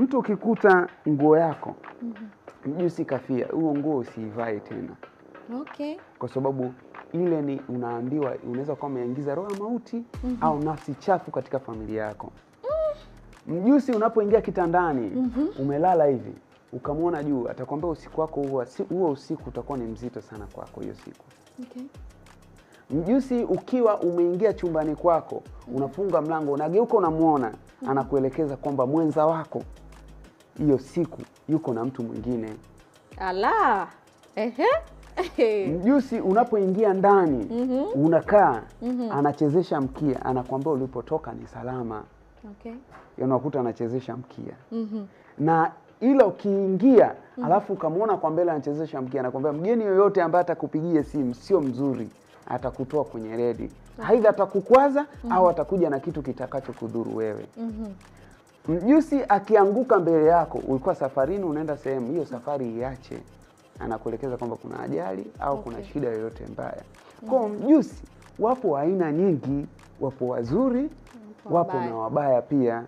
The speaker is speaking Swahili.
Mtu ukikuta nguo yako mm -hmm. mjusi kafia, huo nguo usiivae tena okay. Kwa sababu ile ni unaambiwa, unaweza kuwa umeingiza roho ya mauti mm -hmm. au nafsi chafu katika familia yako mm. Mjusi unapoingia kitandani mm -hmm. umelala hivi ukamwona juu, atakwambia usiku wako huo usiku utakuwa ni mzito sana kwako hiyo siku okay. Mjusi ukiwa umeingia chumbani kwako, mhm. unafunga mlango, unageuka, unamwona, mhm. anakuelekeza kwamba mwenza wako hiyo siku yuko na mtu mwingine. Ala, ehe. Mjusi unapoingia ndani mm -hmm. unakaa mm -hmm. anachezesha mkia, anakwambia ulipotoka ni salama. Okay. Unakuta anachezesha mkia mm -hmm. na ila ukiingia mm -hmm. alafu ukamwona kwa mbele anachezesha mkia, anakwambia mgeni yoyote ambaye atakupigia simu sio mzuri, atakutoa kwenye redi, ah. aidha atakukwaza mm -hmm. au mhm. atakuja na kitu kitakacho kudhuru wewe mm -hmm. Mjusi akianguka mbele yako, ulikuwa safarini, unaenda sehemu hiyo, safari iache, anakuelekeza kwamba kuna ajali au okay. kuna shida yoyote mbaya mm. kwao. Mjusi wapo aina nyingi, wapo wazuri, wapo na wabaya pia.